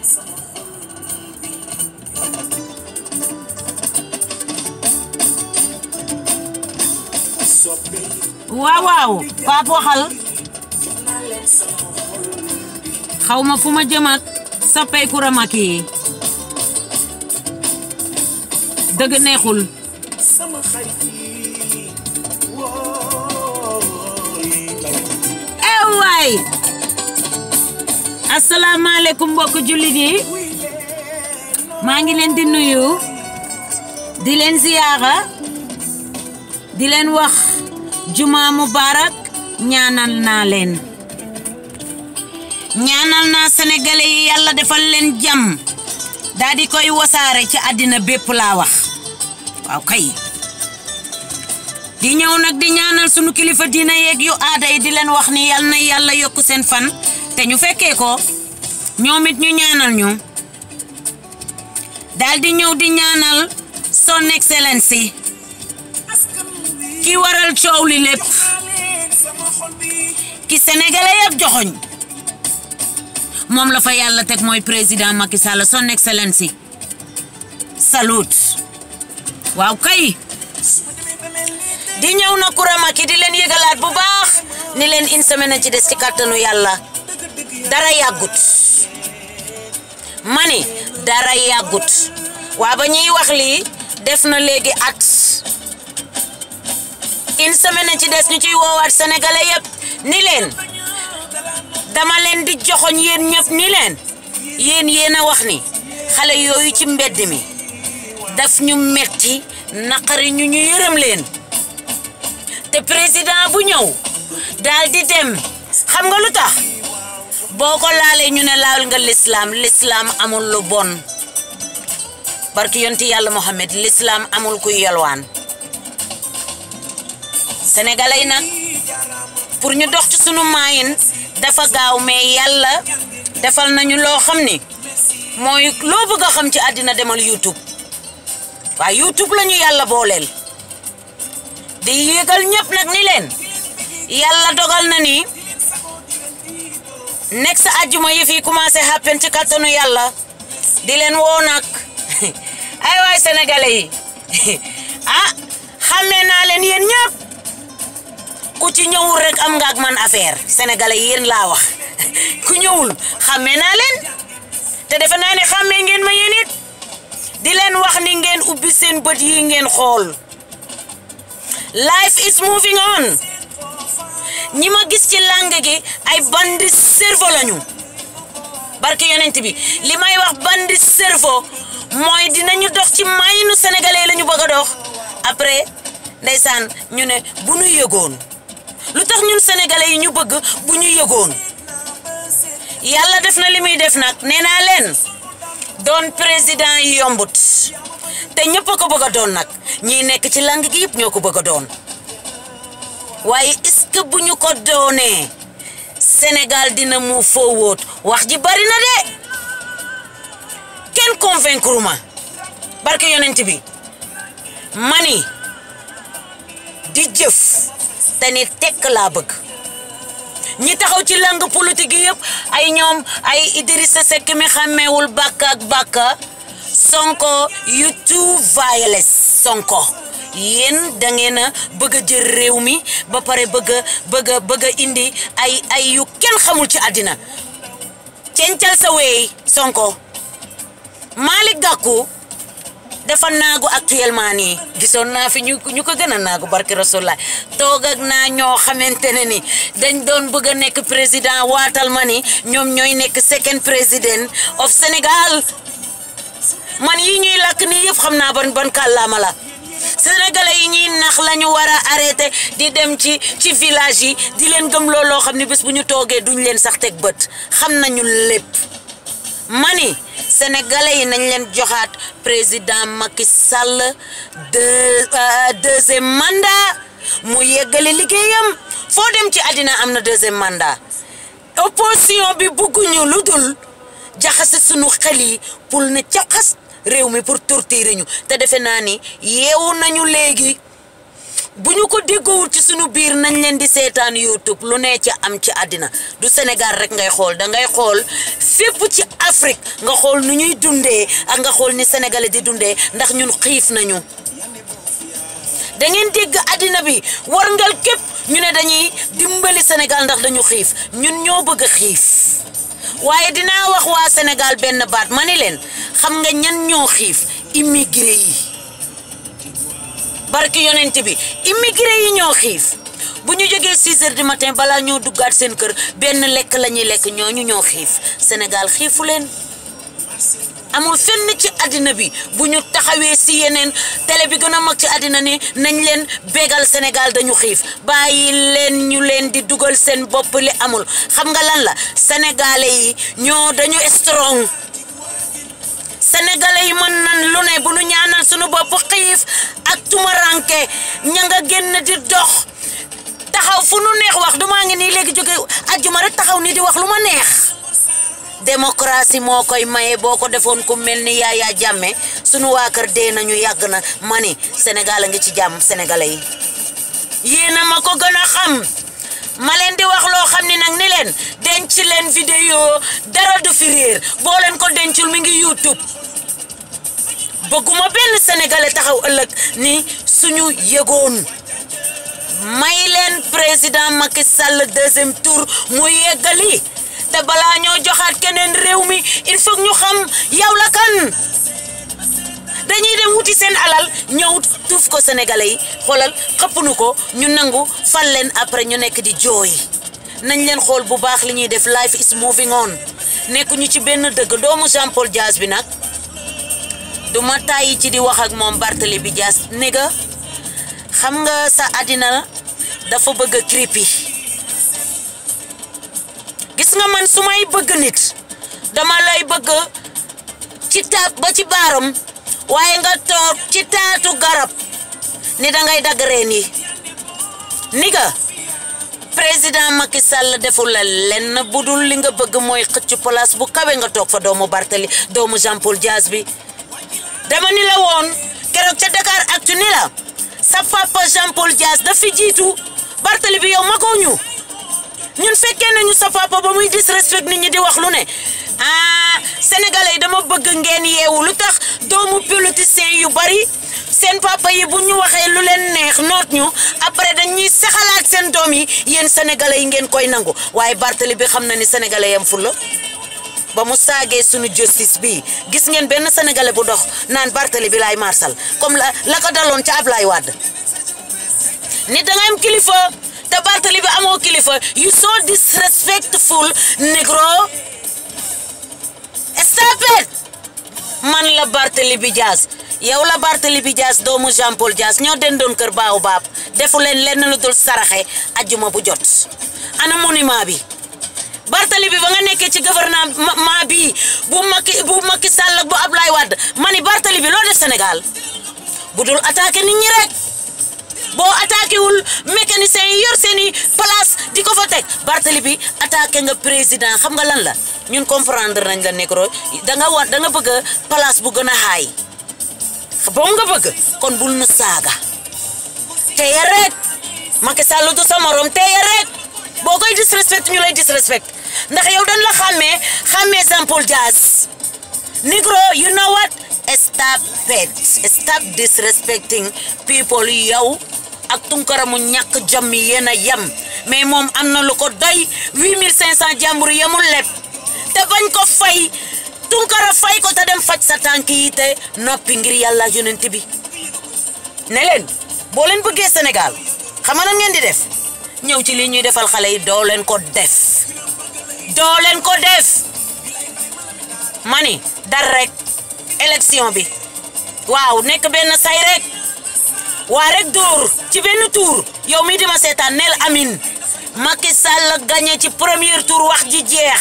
waaw waaw Pape waxal xaw fu ma jëm ak soppey Coura Macky neexul ew eh, Assalamualaikum bokku julit yi ma ngi len di nuyu di len ziyara di len wax juma mubarak ñaanal na len ñaanal na sénégalais yi yalla defal len jam daa di koy wasaare ci adina bepp la wax waaw kay di ñew nak di ñaanal sunu kilifa dina yek yu aada di len wax ni yalla na yàlla yokk fan ñu fekkee ko ñoom it ñu ñaanal ñu daal di ñëw di ñaanal son excellence ki waral coow li lépp ki sénégalais yëpp joxoñ moom la fa yàlla teg mooy président Macky Sall son excellence salut waaw kay di ñëw na Koura Macky di leen yëgalaat bu baax ni leen une semaine ci des ci kàttanu yàlla dara yàggut ma ni dara yàggut waa ba ñuy wax lii def na léegi at une semaine ci des ñu ciy woowaat sénégalais yëpp ni leen dama leen di joxoñ yéen ñëpp ni leen yéen yéen a wax ni xale yooyu ci mbedd mi daf ñu metti naqari ñu ñu yërëm leen te président bu ñëw daal di dem xam nga lu tax boko laale ñu ne laal nga l'islam l'islam amul lu bon barki yonti yalla mohammed l'islam amul ku yelwaan sénégalais nak pour ñu dox ci suñu mayin dafa gaaw mais yalla defal nañu lo xamni moy lo bëgg xam ci adina demal YouTube wa YouTube lañu yalla bolel di yegal ñep nak ni len yalla dogal na ni next ajjuma yëf yi commencé happen ci kattanu yàlla di leen woo nag ay waay sénégalais yi ah xamee naa leen yéen ñëpp ku ci ñëwul rek am nga ak man affaire sénégalais yéen laa wax ku ñëwul xamee naa leen te defe naa ne xamee ngeen ma yéen it di wax ni ngeen ubbi seen bët yi ngeen xool life is moving on ñi ma gis ci làng gi ay bandi cerveau lañu barke yonent bi li may wax bandi cerveau mooy dinañu dox ci maynu sénégalais lañu ñu bëgg a dox après ndeysaan ñu ne bu ñu yëgoon lu tax ñun sénégalais yi ñu bëgg bu ñu yëgoon yàlla def na li muy def nag nee naa leen doon président yi yombut te ñëpp a ko bëgg a doon nag ñiy nekk ci làng gi yëpp ñoo ko bëgg a doon waaye que bu ñu ko doonee senegal dina mu fowóot wax ji bari na de kenn convaincre ma barke yonent bi mani di jëf te ni tekk laa bëgg ñi taxaw ci langue politique yi yëpp ay ñoom ay Idrissa Seck mi xàmmeewul bàkk ak bàkka Sonko yu too violent Sonko yéen da ngeen bëgg a jël réew mi ba pare bëgg a bëgg a indi ay ay yu kenn xamul ci àddina cencal sa weey Sonko Malick Gakou dafa naagu actuellement nii gisoon naa fi ñu ñu ko gën a naagu barki rasulilah toog ak naa ñoo xamante ne ni dañ doon bëgg nekk président waatal ma ni ñoom ñooy nekk second président of Sénégal man yi ñuy lakk nii yëpp xam naa ban ban kàllaama la sénégalais yi ñi nax lañu wara arrêté di dem ci ci village yi di leen gëm lo lo xamni bës bu ñu toogee duñ leen sax tek bëtt xam nañu mani sénégalais yi nañ leen joxaat président Macky Sall deux euh, deuxième mandat mu yeggale liggéeyam fo dem ci adina amna na deuxième mandat opposition bi bugguñu ludul jaxase sunu xel pour ne réew mi pour torturer ñu te defe naa ni yeewu nañu léegi bu ñu ko déggowul ci sunu biir nañ leen di seetaan YouTube lu ne ci am ci àddina du senegal rek ngay xool dangay xool fépp ci Afrique nga xool nu ñuy dundee a nga xool ni Sénégalais di dundee ndax ñun xiif nañu da ngeen dégg àddina bi warngal képp ñu ne dañuy dimbali Sénégal ndax dañu xiif ñun ñoo bëgg a xiif waaye dinaa wax waa senegal benn baat ma ne leen xam nga ñan ñoo xiif immigré yi barki yonent bi immigré yi ñoo xiif bu ñu jógee 6 heures du balaa ñoo duggaat seen kër benn lekk la ñuy lekk ñooñu ñoo xiif Sénégal xiifu leen amul fenn ci adina bi bu ñu taxawee si yeneen télé bi gëna mag ci adina ni nañ leen bégal Sénégal dañu xif bàyyi leen ñu leen di duggal seen bop li amul xam nga lan la sénégalais yi ñoo dañu strong sénégalais yi mën nan lu ne bu nu ñaanal suñu bop xif ak tumaranke ña nga genn di dox taxaw fu nu neex wax duma ngi ni légui joggé aljuma rek taxaw ni di wax luma neex Demokrasi moo koy maye de ko ku mel yaya jamé sunu wa kër dee nañu yag na ma ni sénégal a ci jam sénégalais yi ham ma xam ma di wax lo xamni ni ni len denc len vidéo dara du fi rir bo len ko dencul mi ngi youtube bëgguma ben sénégalais taxaw ëlëk ni suñu yegoon may len président Macky Sall deuxième tour mu yegali te balaa ñoo joxaat keneen réew mi il faut ñu xam yow la kan dañuy dem wuti seen alal ñëw tuuf ko sénégalais yi xoolal xëpp ko ñu nangu fal leen après ñu nekk di jooy nañ leen xool bu baax li ñuy def life is moving on nekk ñu ci benn dëgg doomu Jean Paul Dias bi nag du ma tàyyi ci di wax ak moom bi Dias néga xam nga sa àddina dafa bëgg a creepy gis nga man sumay bëgg nit dama lay bëgg ci ta ba ci baram waye nga tok ci taatu garab ni ngay dag reen yi ni ga président Macky Sall deful la len budul li nga bëgg moy xëc place bu kawé nga tok fa doomu Barthélé doomu Jean Paul Diaz bi dama ni la won kérok ci Dakar Actu ni la sa papa Jean Paul Diaz da fi jitu Barthélé bi yow mako ñu ñun fekkee nañu safa papa ba muy disrespect nit ñi di wax lu ne ah sénégalais dama bëgg ngeen yewu lu tax doomu politicien yu bari sen papa yi bu ñu waxe lu leen neex noot ñu après dañuy saxalaat sen doom yi yéen sénégalais yi ngeen koy nangu waaye Bartali bi xam na ni sénégalais yam ful la ba mu saagee suñu justice bi gis ngeen benn sénégalais bu dox naan Bartali bi lay marsal comme la la ko daloon ci ablay Wade ni da nga am kilifa te Bartali bi kilifa you so disrespectful negro stop it man la Bartali bi jazz yow la Bartali Dias doomu Jean Paul jazz ñoo den don keur baaw baap defu len len lu dul saraxé aljuma bu jot ana monument bi Bartali bi ba nga ci gouvernement bi bu Macky bu Macky Sall bu ablay wad mani Bartali bi lo def senegal budul attaquer nit ñi rek tekkiwul mécanicien yor seen place di ko fa teg Barthélemy attaqué nga président xam nga lan la ñun comprendre nañ la nekro da nga war da nga bëgg place bu gëna hay bo nga bëgg kon bul nu saga teye rek Macky Sall du sa morom rek boo disrespect ñu lay disrespect ndax yow dañ la xamé xamé Jean Paul Diaz Negro you know what stop it stop disrespecting people yow ak tunkara mu ñàkk jom yéen a yem mais moom am lu ya ko doy 8500 jamur yamul leb te bañ ko fay tunkara fay ko te dem faj sa tànk te noppi ngir yalla yonent bi ne leen boo leen bëggee Sénégal xam ngeen di def ñew ci li ñuy defal xalé yi do len ko def do len ko def mani dar rek élection bi waaw nek ben say rek warek rek ci benn tour yow mi dima seetaan nel amin Macky Sall gagné ci premier tour wax ji jeex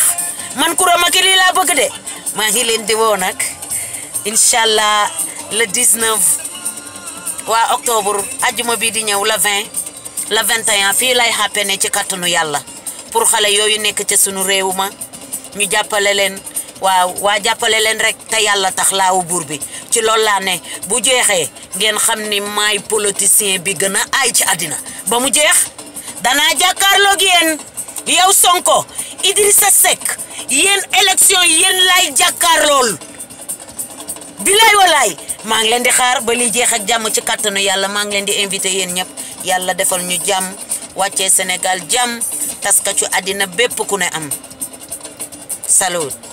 man Coura Macky lii la bëgg de ma ngi leen di woo nag inshallah le 19 waa octobre ajuma bi di ñëw le 20 le 21 fii lay ci kattanu yàlla pour xale yooyu nekk ci sunu ñu jàppale leen waaw waa jàppale leen rek te yàlla tax laawu bur bi ci lool laa ne bu jeexee ngeen xam ni may politicien bi gën a aay ci àddina ba mu jeex danaa jàkkaarloog yéen yow Sonko Idrissa Seck yéen élection yéen laay jàkkaarlool bilaay walaay maa ngi leen di xaar ba liy jeex ak jàmm ci kàttanu yàlla maa ngi leen di invité yéen ñëpp yàlla defal ñu jàmm wàccee Sénégal jàmm taska ci àddina bépp ku ne am salut